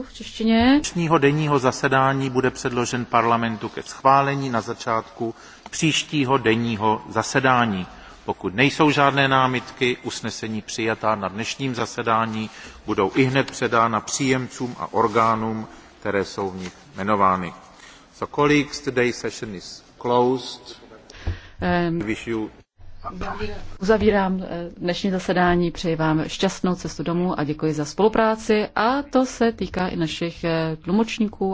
v češtině. Dnešního denního zasedání bude předložen parlamentu ke schválení na začátku příštího denního zasedání. Pokud nejsou žádné námitky, usnesení přijatá na dnešním zasedání budou ihned předána příjemcům a orgánům, které jsou v nich jmenovány. So colleagues, today's session is closed. Um, Wish you Uzavírám eh, dnešní zasedání, přeji vám šťastnou cestu domů a děkuji za spolupráci. A to se týká i našich eh, tlumočníků.